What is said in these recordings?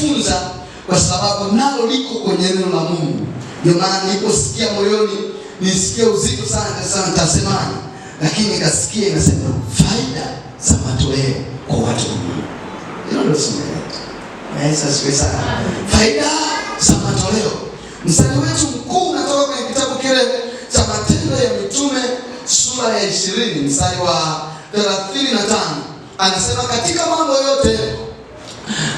kujifunza, kwa sababu nalo liko kwenye neno la Mungu. Ndio maana niliposikia moyoni, nisikie uzito sana, kasa nitasemaje, lakini nikasikia inasema faida za matoleo kwa watu wa Mungu. Hilo ndio somo letu. Eh, Yesu asifiwe sana. Faida za matoleo. Mstari wetu mkuu unatoka kwenye kitabu kile cha Matendo ya Mitume sura ya 20 mstari wa 35 anasema katika mambo yote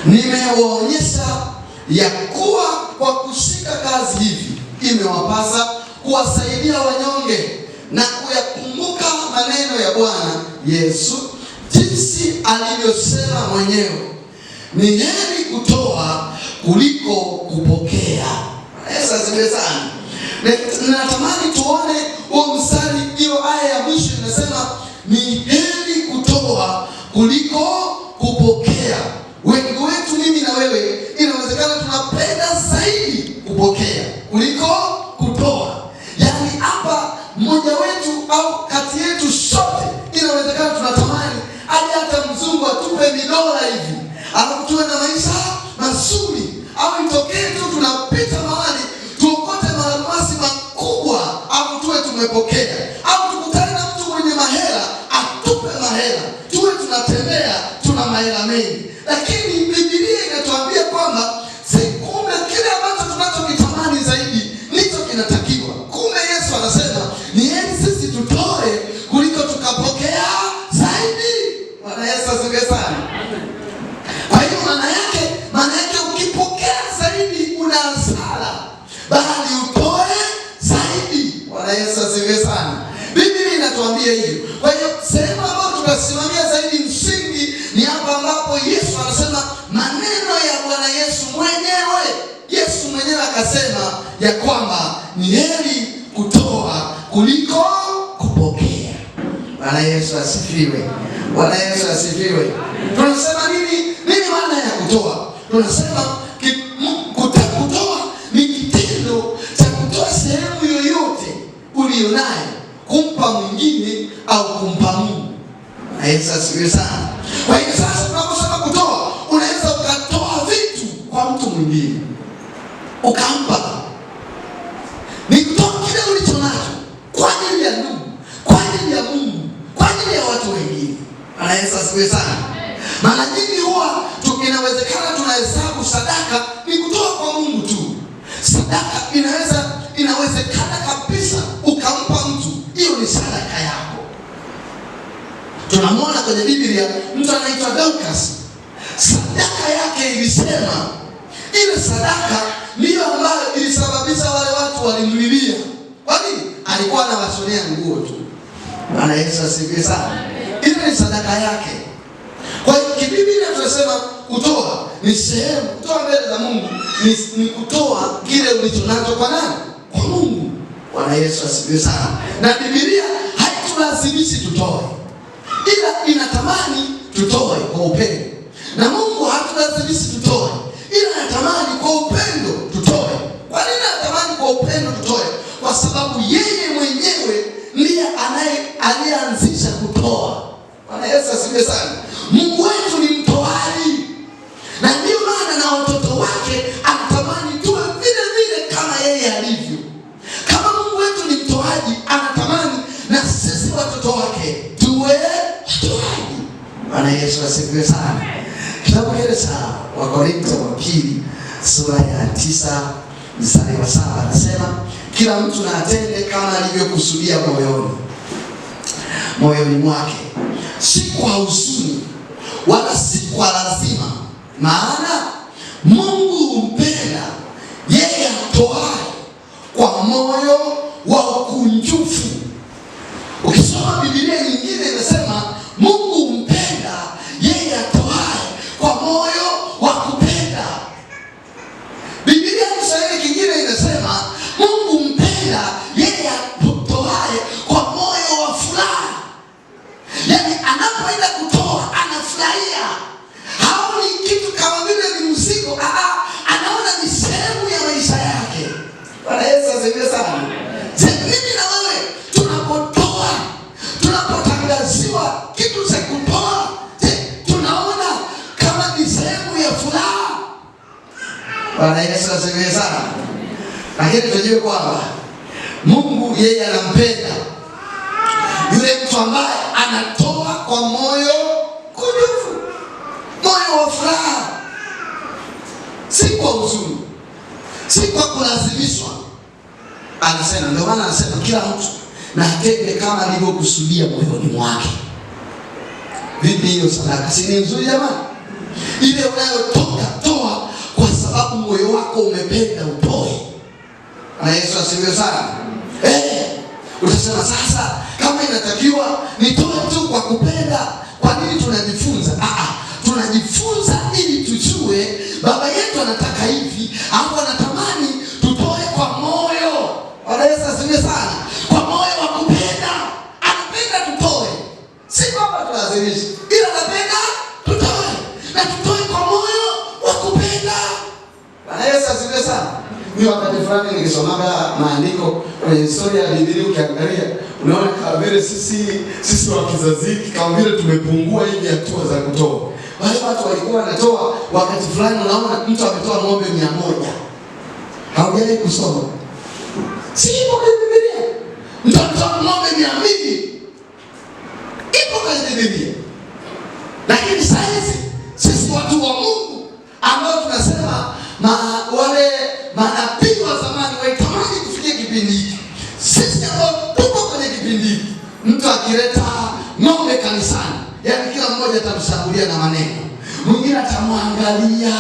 Nimewaonyesha ya kuwa kwa kushika kazi hivi imewapasa kuwasaidia wanyonge na kuyakumbuka maneno ya Bwana Yesu jinsi alivyosema mwenyewe, ni heri kutoa kuliko kupokea. Yesu asifiwe sana. Natamani tuone huo mstari, hiyo aya ya mwisho inasema ni heri kutoa kuliko kupokea kuliko kutoa. Yaani hapa mmoja wetu au kati yetu sote, inawezekana tunatamani hadi hata mzungu atupe midola hivi, alafu tuwe na maisha mazuri, au itokee tu tunapita mahali tuokote malamasi makubwa, au tuwe tumepokea ulionayo kumpa mwingine au kumpa Mungu. Na Yesu asifiwe sana. Kwa hiyo sasa, unaposema kutoa, unaweza ukatoa vitu kwa mtu mwingine ukampa, ni kutoa kile ulicho nacho kwa ajili ya ndugu, kwa ajili ya Mungu, kwa ajili ya watu wengine. Na Yesu asifiwe sana. Biblia mtu anaitwa Dorcas. Sadaka yake ilisema, ile sadaka niyo ambayo ilisababisha wale watu walimlilia. kwani Alikuwa anawashonea nguo tu. Bwana Yesu asifiwe sana. Ile ni sadaka yake. Kwa hiyo kibiblia tunasema kutoa ni sehemu, kutoa mbele za Mungu ni, ni kutoa kile ulichonacho kwa nani? Kwa Mungu. Bwana Yesu asifiwe sana. Na bibilia haitulazimishi tutoe ila inatamani tutoe kwa upendo, na Mungu hatulazimishi tutoe, ila natamani kwa upendo tutoe. Kwa nini anatamani kwa upendo tutoe? Kwa sababu yeye mwenyewe ndiye anaye aliyeanzisha kutoa. Bwana Yesu asifiwe sana. Mungu wetu ni mtoaji, na ndiyo maana na watoto wake anatamani tuwe vile vile kama yeye alivyo. Kama Mungu wetu ni mtoaji anatamani asifiwe sana. Kitabu kile cha Wakorintho wa pili sura ya tisa mstari wa saba anasema kila mtu na atende kama alivyokusudia moyoni moyoni mwake, si kwa huzuni wala si kwa lazima, maana Mungu humpenda yeye atoaye kwa moyo wa ukunjufu. Ukisoma Biblia anapoenda kutoa anafurahia, haoni kitu kama vile ni mzigo, ah, ah, anaona ni sehemu ya maisha yake. Bwana Yesu asifiwe sana. Mimi na wewe tunapotoa, tunapotangaziwa kitu cha kutoa, tunaona kama ni sehemu ya furaha. Bwana Yesu asifiwe sana, lakini tujue kwamba Mungu yeye anampenda yule mtu ambaye anatoa kwa moyo kunjufu, moyo wa furaha, si kwa huzuni, si kwa kulazimishwa. Anasema, ndio maana anasema kila mtu na atende kama alivyokusudia moyoni mwake. Vipi hiyo sadaka, si ni nzuri jamani? Ile unayotoka toa kwa sababu moyo wako umependa utoe, na Yesu asifiwe sana. Eh, utasema sasa, kama inatakiwa nitoe kwa nini tunajifunza? Ah, ah, tunajifunza ili tujue baba yetu anataka hivi au anatamani tutoe kwa moyo. Bwana Yesu asifiwe sana. Kwa moyo wa kupenda, anapenda tutoe, si kwamba tunalazimisha, ila anapenda tutoe na tutoe kwa moyo wa kupenda. Bwana Yesu asifiwe sana. Ni wakati fulani nilisomaka maandiko kwenye historia ya Biblia, ukiangalia Unaona, kama vile sisi sisi wa kizazi kama vile tumepungua hivi hatua za kutoa. Wale watu walikuwa wanatoa wakati fulani, unaona mtu ametoa ng'ombe 100. Haujali kusoma. Si ipo kwenye Biblia. Mtu ametoa ng'ombe 200. Ipo kwenye Biblia. Lakini sasa sisi watu wa Mungu ambao tunasema ma, wale manabii wa zamani Mtu akileta ng'ombe kanisani, yaani kila mmoja atamshambulia na maneno, mwingine atamwangalia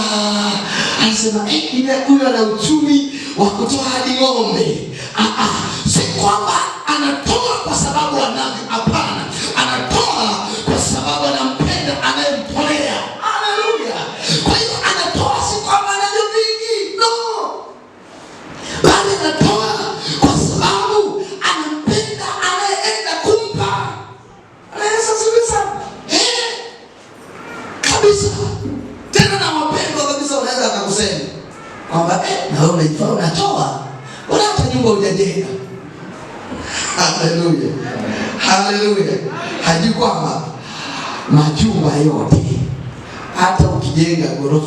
anasema eh, ile huyo ana uchumi wa kutoa hadi ng'ombe. Ah, ah, si kwamba anatoa kwa sababu anavyo, hapana.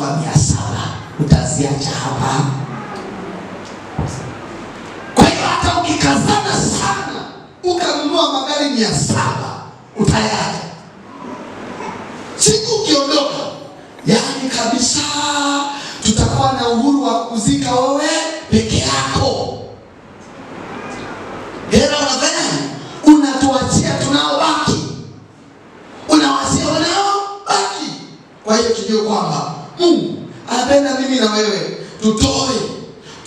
kwa mia saba utaziacha hapa. Kwa hiyo hata ukikazana sana ukanunua magari mia saba utayaja siku ukiondoka, yaani kabisa tutakuwa na uhuru wa kuzika Mungu anapenda mimi na wewe tutoe,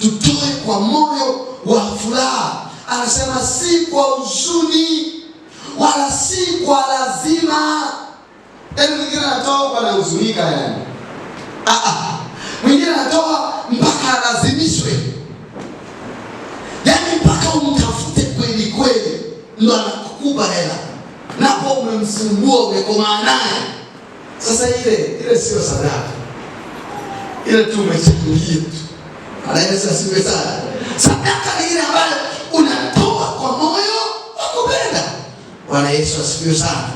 tutoe kwa moyo wa furaha. Anasema si kwa huzuni wala si kwa lazima. Yaani mwingine anatoa kwa anahuzunika, yani ah, ah. mwingine anatoa mpaka alazimishwe, yani mpaka umtafute kweli kweli ndo anakukuba hela, napo umemsumbua, umekomaa naye. Sasa ile ile sio sadaka ile tu maisha tu. Bwana Yesu asifiwe sana. Sadaka ni ile ambayo unatoa kwa moyo wa kupenda. Bwana Yesu asifiwe sana.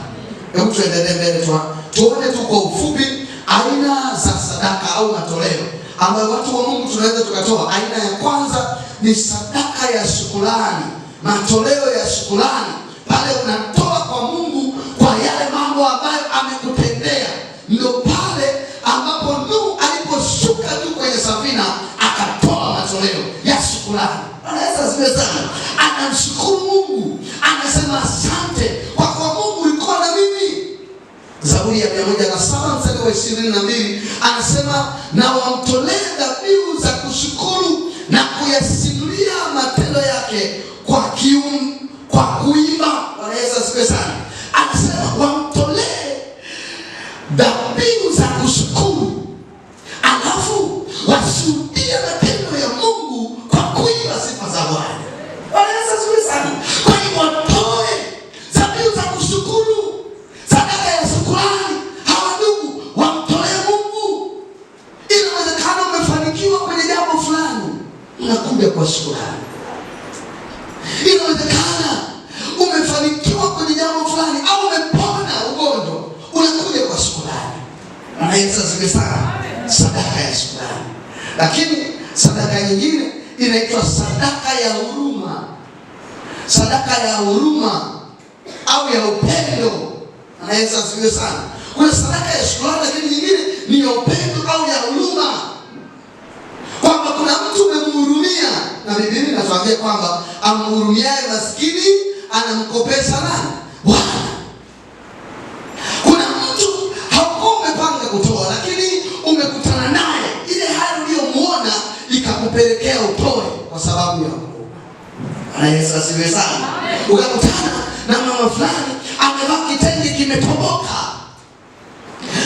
Hebu tuendelee mbele tu. Tuone tu kwa ufupi aina za sadaka au matoleo ambayo watu wa Mungu tunaweza tukatoa. Aina ya kwanza ni sadaka ya shukrani, matoleo ya shukrani pale una safina akatoa mazoleo ya sukulani anaweza ziwe sana, anamshukuru Mungu, anasema asante kwa kuwa Mungu ulikuwa na mimi. Zaburi ya mia moja na saba mstari wa ishirini na mbili anasema na wamtolee dhabihu za kushukuru na kuyasimulia matendo yake kwa kiu, kwa kuimba. Anaweza ziwe sana sadaka ya huruma au ya upendo. Na Yesu asifiwe sana. Kuna sadaka ya shukrani, lakini nyingine ni ya upendo au ya huruma, kwamba kuna mtu umemhurumia, na Biblia inatuambia kwamba amhurumiaye maskini anamkopesha nani? Bwana. Kuna mtu haukuwa umepanga kutoa, lakini umekutana naye, ile hali uliyomuona ikakupelekea utoe kwa sababu ya na Yesu asifiwe sana. Ukakutana na mama fulani amevaa kitenge kimetoboka,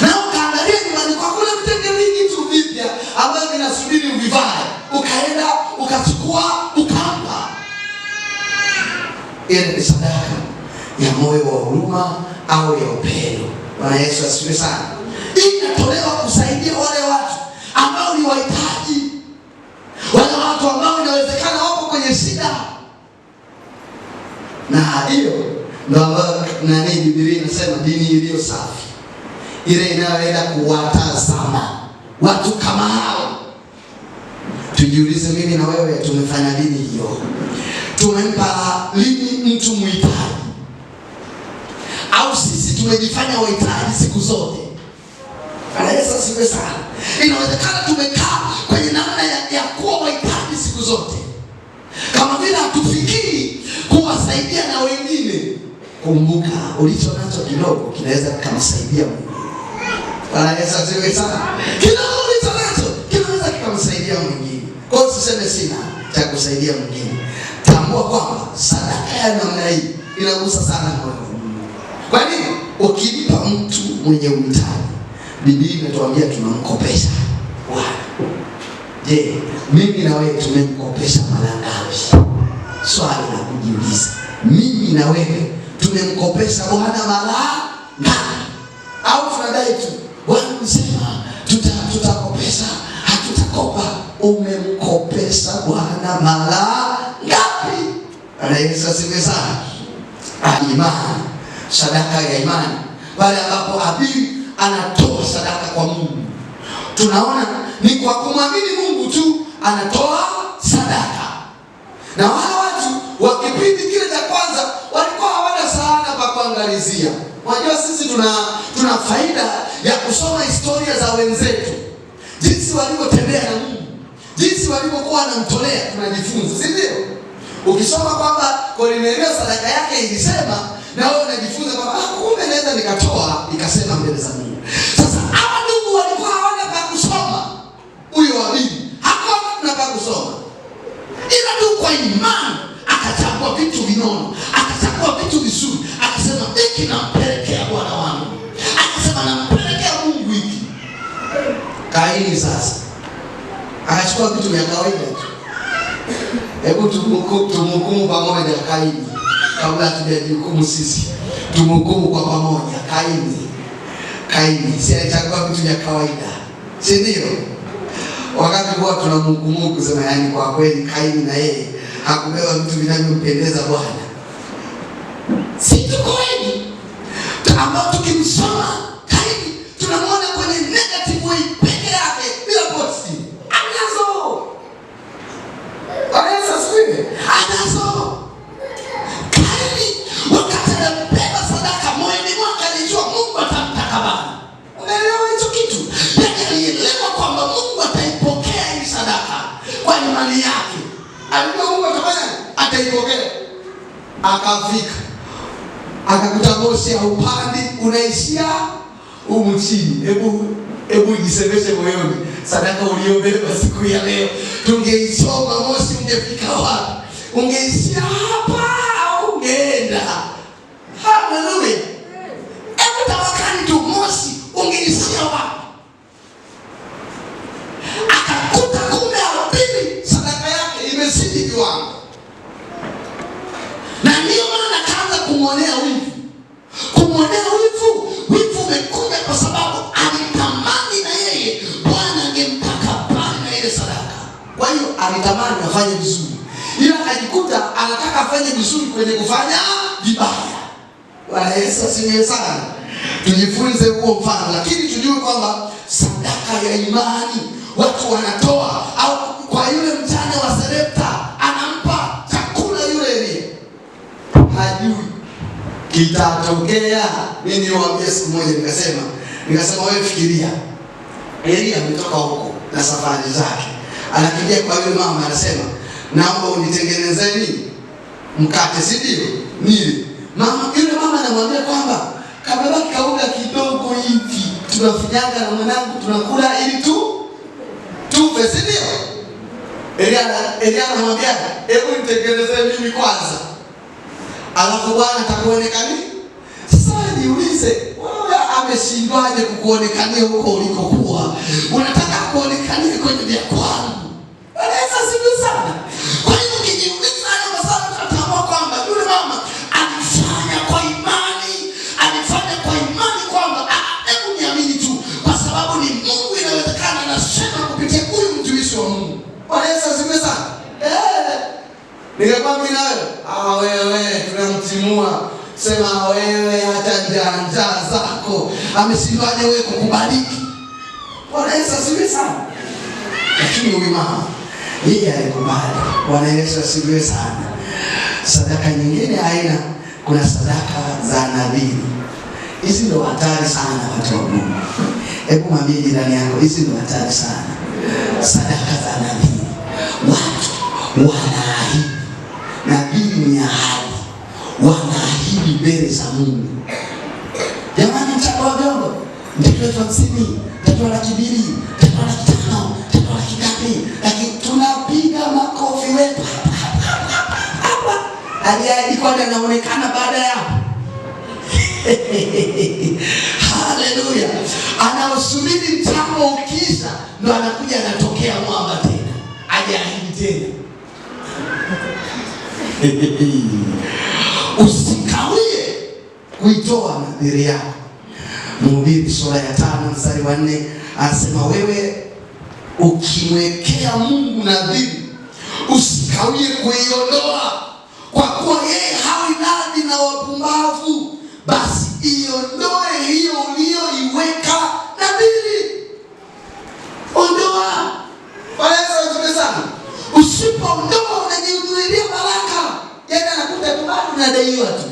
na ukaangalia nyumbani kwa kule vitenge vingi tu vipya ambavyo vinasubiri uvivae, ukaenda ukachukua ukampa. Ile ni sadaka ya moyo wa huruma au ya upendo. Bwana Yesu asifiwe sana. Inatolewa kusaidia wale watu ambao ni wahitaji, wale watu ambao na hiyo ndo ambayo nani, Biblia inasema dini iliyo safi, ile inayoenda kuwatazama watu kama hao. Tujiulize, mimi na wewe tumefanya lini hiyo? Tumempa lini mtu muhitaji? Au sisi tumejifanya wahitaji siku zote? Anaweza siwe sana, inawezekana tumekaa kwenye namna ya, ya kuwa wahitaji siku zote, kama vile hatufikiri kuwasaidia na wengine. Kumbuka ulicho nacho kidogo kinaweza kikamsaidia Mungu. Bwana Yesu asifiwe sana. Kidogo ulicho nacho kinaweza kikamsaidia mwingine. Kwa hiyo tuseme sina cha kusaidia mwingine. Tambua kwamba sadaka ya namna hii inagusa sana moyo wa Mungu. Kwa nini? Ukimpa mtu mwenye uhitaji, Biblia inatuambia tunamkopesha Bwana. Je, mimi na wewe tumemkopesha mara ngapi? swali la kujiuliza, mimi na wewe tumemkopesha Bwana mara ngapi? Au tunadai tu Bwana msema tuta hatutakopa. Umemkopesha Bwana mara ngapi? Anaweza simeza imani, sadaka ya imani, pale ambapo abii anatoa sadaka kwa Mungu, tunaona ni kwa kumwamini Mungu tu anatoa sadaka na wala wa kipindi kile cha kwanza walikuwa hawana sana pa kuangalizia. Unajua sisi tuna tuna faida ya kusoma historia za wenzetu, jinsi walivyotembea na Mungu, jinsi walivyokuwa wanamtolea, tunajifunza, si ndio? Ukisoma kwamba Kornelio sadaka yake ilisema, na wewe unajifunza kwamba ah, kumbe naweza nikatoa ikasema mbele za Mungu. Sasa hawa ndugu walikuwa hawana pa kusoma, huyo wabii hakuwa na pa kusoma, ila tu kwa imani akachagua vitu vinono, akachagua vitu vizuri, akasema hiki nampelekea bwana wangu, akasema nampelekea Mungu hiki. Kaini sasa akachukua vitu vya kawaida tu. Hebu tumhukumu pamoja Kaini, kabla hatujajihukumu sisi, tumhukumu kwa pamoja Kaini. Kaini si alichagua vitu vya kawaida, si ndio? Wakati huwa tuna tunamhukumu kusema, yaani kwa kweli Kaini na yeye hakupewa vitu vinavyompendeza Bwana. Si tuko wengi ambao tukimsoma Kaini tunamwona kwenye negative way peke yake bila positive. Anazo anaweza sikuwe anazo Kaini, sadaka Mungu kitu, kwamba Mungu ataipokea hii sadaka kwa imani yake alijua Mungu atafanya ataipokea. Akafika akakuta moshi ya upande unaishia humu chini. Hebu hebu jisemeshe moyoni, sadaka uliobeba siku ya leo, tungeichoma moshi ungefika wapi? Ungeishia hapa au ungeenda? Haleluya! Hebu tawakali tu, moshi ungeishia wapi? viwango, na ndio maana kaanza kumwonea wivu, kumwonea wivu. Wivu umekuja kwa sababu alitamani na yeye Bwana angemtaka pana ile sadaka, kwa hiyo alitamani afanye vizuri, ila akajikuta anataka afanye vizuri kwenye kufanya vibaya. Bwana Yesu asifiwe sana. Tujifunze huo mfano, lakini tujue kwamba sadaka ya imani watu wanatoa au kwa yule mjane wa Sarepta kitatokea. Mimi niwaambia siku moja, nikasema nikasema, wewe fikiria, Elia ametoka huko na safari zake, anakimbia kwa yule mama, anasema naomba unitengenezeni mkate, si ndio? Nili mama, yule mama anamwambia kwamba kababaki kauga kidogo hivi, tunafinyanga na mwanangu tunakula ili tu tupe, si ndio? Elia anamwambia hebu nitengenezee mimi kwanza alafu Bwana atakuonekani. Sasa niulize, wewe ameshindwaje kukuonekani huko ulikokuwa? Unataka kuonekani kwenye vya kwangu anaweza sivyo sana. Kwa hiyo ukijiuliza hayo maswali, utatambua kwamba yule mama alifanya kwa imani, alifanya kwa imani kwamba ah, hebu niamini tu, kwa sababu ni Mungu, inawezekana na anasema kupitia huyu mtumishi wa Mungu. Anaweza sivyo sana eh, ningekuwa nawe kama wewe tunamtimua, sema wewe hata njaa zako ameshindwaje wewe kukubaliki wanaesa siwe sana. Lakini huyu mama yeye alikubali. Bwana Yesu asifiwe sana. Sadaka nyingine haina, kuna sadaka za nadhiri. Hizi ndo hatari sana watu wa Mungu. Hebu mwambie jirani yako, hizi ndo hatari sana, sadaka za nadhiri. Watu wanaahidi na hili ni ahadi, wanaahidi mbele za Mungu. Jamani, mchango wadogo mtatoa elfu hamsini mtatoa laki mbili mtatoa laki tano mtatoa laki ngapi, lakini tunapiga makofi wetu hapa aliahidi kwani anaonekana baada ya Haleluya! Anaosubiri mchango ukiza, ndo anakuja anatokea mwamba tena, ajaahidi tena Usikawie kuitoa nadhiri yako. Mhubiri sura ya tano mstari wa nne anasema wewe ukimwekea Mungu nadhiri usikawie kuiondoa, kwa kuwa yeye hawi radhi na wapumbavu, basi iondoe hiyo uliyoiweka nadhiri. Ondoa. Waelewa sana. Usipo mnadaiwa tu.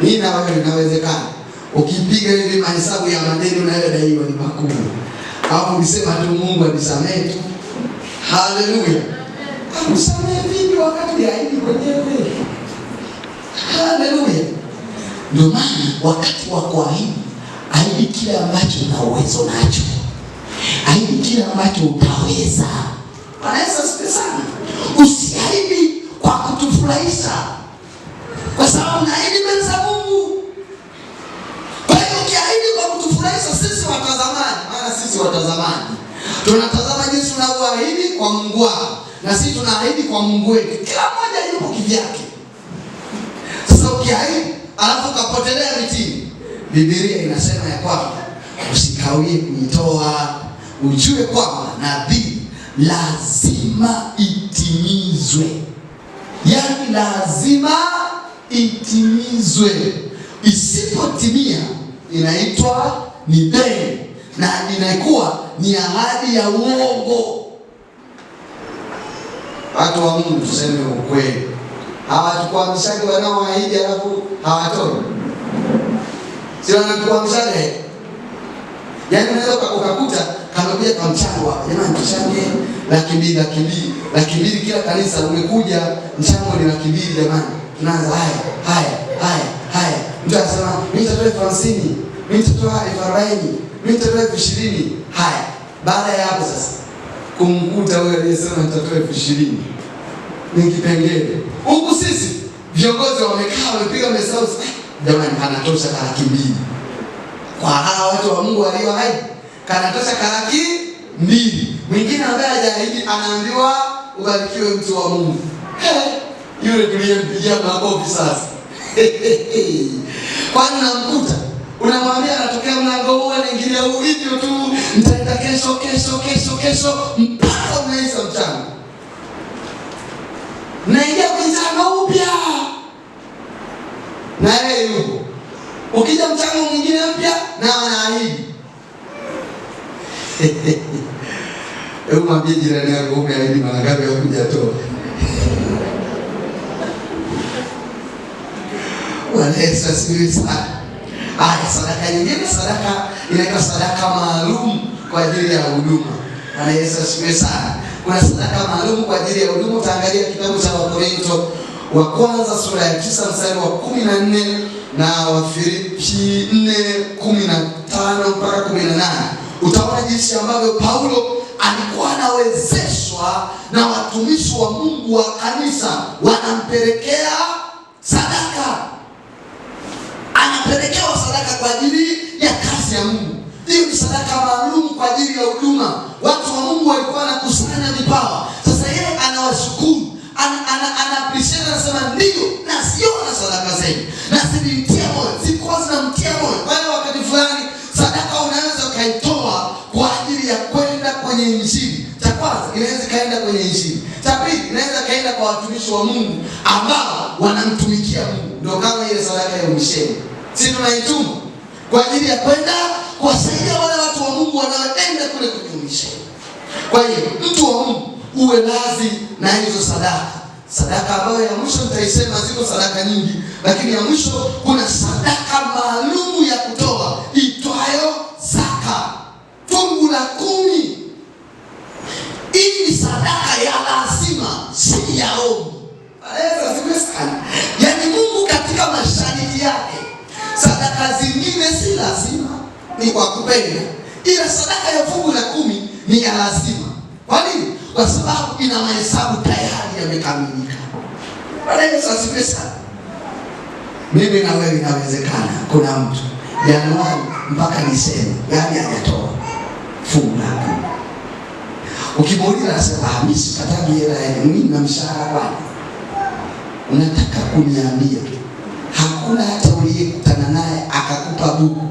Mimi na wewe inawezekana, ukipiga hivi mahesabu ya madeni unayodaiwa ni makubwa, alafu ukisema tu Mungu anisamehe tu. Haleluya! akusamehe vipi wakati ya haidi kwenyewe? Haleluya! Ndio maana wakati wa kuahidi, aidi kile ambacho una uwezo nacho, Aidi kile ambacho utaweza. Anaweza sana usi kufurahisha, kwa sababu naahidi mbele za Mungu. Kwa hiyo ukiahidi kwa kutufurahisha sisi watazamani, maana sisi watazamani tunatazama jinsi unavyoahidi kwa Mungu wako, na sisi tunaahidi kwa Mungu wetu, kila mmoja yupo kivyake. Sasa ukiahidi alafu ukapotelea mitini, Biblia inasema ya kwamba usikawie kuitoa, ujue kwamba nabii lazima itimizwe yani lazima itimizwe. Isipotimia inaitwa ni deni na inakuwa ni ahadi ya uongo. Watu wa Mungu, tuseme ukweli, hawatukwamishaje wanaoahidi halafu hawatoi, si Yani unaweza ukakuta kanakuja kwa mchango jamani, mchange laki mbili laki mbili laki mbili kila kanisa. Umekuja mchango ni laki mbili jamani, tunaanza haya haya haya haya. Mtu anasema mimi nitatoa elfu hamsini mimi nitatoa elfu arobaini mimi nitatoa elfu ishirini Haya, baada ya hapo sasa kumkuta huyo aliyesema nitatoa elfu ishirini ni kipengele huku. Sisi viongozi wamekaa wamepiga mesau ah, jamani, kanatosha ka laki mbili kwa hawa watu wa Mungu walio hai, kanatosha ka laki mbili Mwingine ambaye hajaahidi anaambiwa ubarikiwe mtu wa Mungu. Eh, yule tuliyempigia makofi sasa. Kwani namkuta unamwambia anatokea mlango huu anaingilia huu hivyo tu, mtaenda kesho kesho kesho kesho mpaka unaisa mchana. Naingia mchana upya. Na yeye yuko. Ukija mchana mwingine mpya na anaahidi. Hebu mwambie jirani yako umeahidi mara ngapi ya kujatoa? Walesa siri sana. Ah, sadaka nyingine sadaka inaitwa sadaka maalum kwa ajili ya huduma. Bwana Yesu asifiwe sana. Kuna sadaka maalum kwa ajili ya huduma. Utaangalia kitabu cha Wakorinto wa kwanza sura ya tisa mstari wa kumi na nne na Wafilipi nne kumi na tano mpaka kumi na nane utaona jinsi ambavyo Paulo alikuwa anawezeshwa na watumishi wa Mungu wa kanisa, wanampelekea sadaka, anapelekewa sadaka kwa ajili ya kazi ya Mungu. Hiyo ni sadaka maalum kwa ajili ya huduma. Watu wa Mungu walikuwa wanakusanya vipawa, sasa yeye anawashukuru, anapishana, anasema ndiyo na na sadaka zenu na watumishi wa Mungu ambao wanamtumikia Mungu, ndio kama ile sadaka ya umisheni, si tunaituma kwa ajili ya kwenda kuwasaidia wale watu wa Mungu wanaoenda kule kwenye umisheni. Kwa hiyo mtu wa Mungu uwe lazi na hizo sadaka sadaka ambayo ya mwisho nitaisema, ziko sadaka nyingi, lakini ya mwisho kuna sadaka maalumu ya kutoa itwayo zaka, fungu la kumi. Hii ni sadaka ya lazima, si ya ombi. Yaani Mungu katika mashariki yake, sadaka zingine si lazima, ni kwa kupenda, ila sadaka ya fungu la kumi ni ya lazima. Kwa nini? Kwa sababu ina mahesabu tayari yamekamilika. sana. Mimi na wewe inawezekana, kuna mtu Januari mpaka Disemba, yaani hajatoa fungu la kumi Ukimuuliza anasema ah, mimi sikatagi hela yenu, mimi na mshahara wangu. Unataka kuniambia hakuna hata uliyekutana naye akakupa buku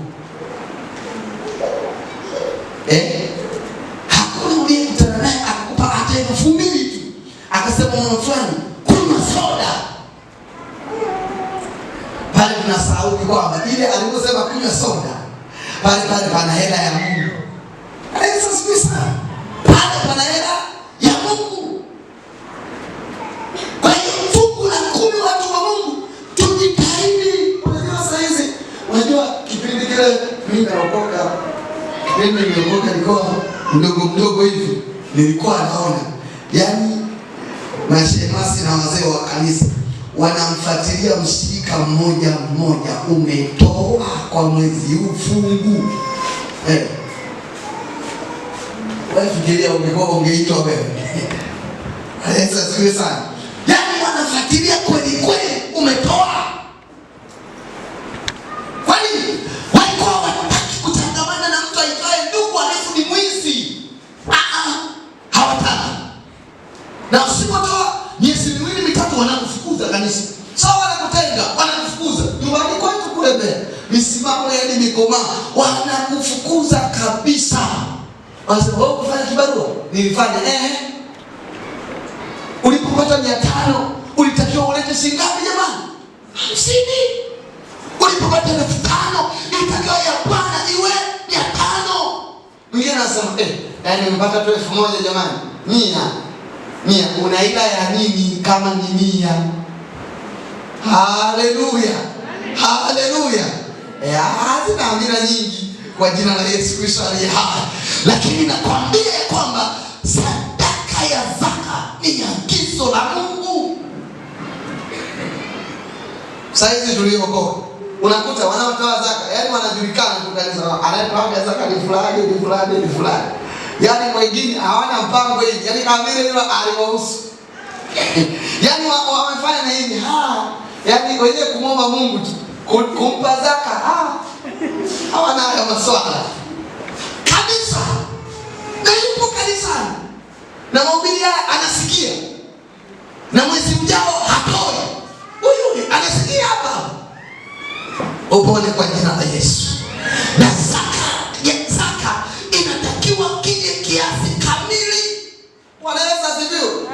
eh? Hakuna uliyekutana naye akakupa hata elfu mbili tu akasema mwana fulani kunywa soda pale. Tunasahau kwamba ile aliyosema kunywa soda pale pale pana hela ya Mungu. Eh, sasa siku sana nikaokoka, mimi niliokoka nilikuwa mdogo mdogo hivi, nilikuwa naona yaani mashemasi na wazee wa kanisa wanamfuatilia mshirika mmoja mmoja, umetoa kwa mwezi huu fungu eh. Wewe ungekuwa ungeitwa wewe, anaweza sana na usipotoa miezi miwili mitatu, wanakufukuza kanisa. Sawa, wanakutenga, wanakufukuza nyumbani kwetu kule Mbeya, misimamo yaani mikoma, wanakufukuza kabisa. Wanasema wewe ukifanya kibarua nilifanya, eh, ulipopata mia tano ulitakiwa ulete shilingi jamani? Hamsini. Ulipopata elfu tano ilitakiwa ya Bwana iwe mia tano. Mwingine anasema eh, yaani nimepata tu elfu moja jamani, mia mia. una ila ya nini kama ni mia? Haleluya, haleluya. Eh, hazina amira nyingi kwa jina la Yesu Kristo aliye hai, lakini nakwambia kwamba sadaka ya zaka ni agizo la Mungu. Saizi tuliokoka unakuta wanaotoa zaka, yani wanajulikana tu kanisa, ah, anayetoa zaka ni fulani, ni fulani, ni fulani yani mwingine hawana mpango hivi, yani kama vile hilo aliwahusu, yani wamefanya na hivi ha, yani wenyewe kumwomba Mungu tu kumpa zaka ha, hawana haya maswala kabisa, na yupo kanisani na mahubiri anasikia, na mwezi mjao hatoi, huyu anasikia hapa. Upone kwa jina la Yesu na zaka kiasi kamili, wanaweza sivyo?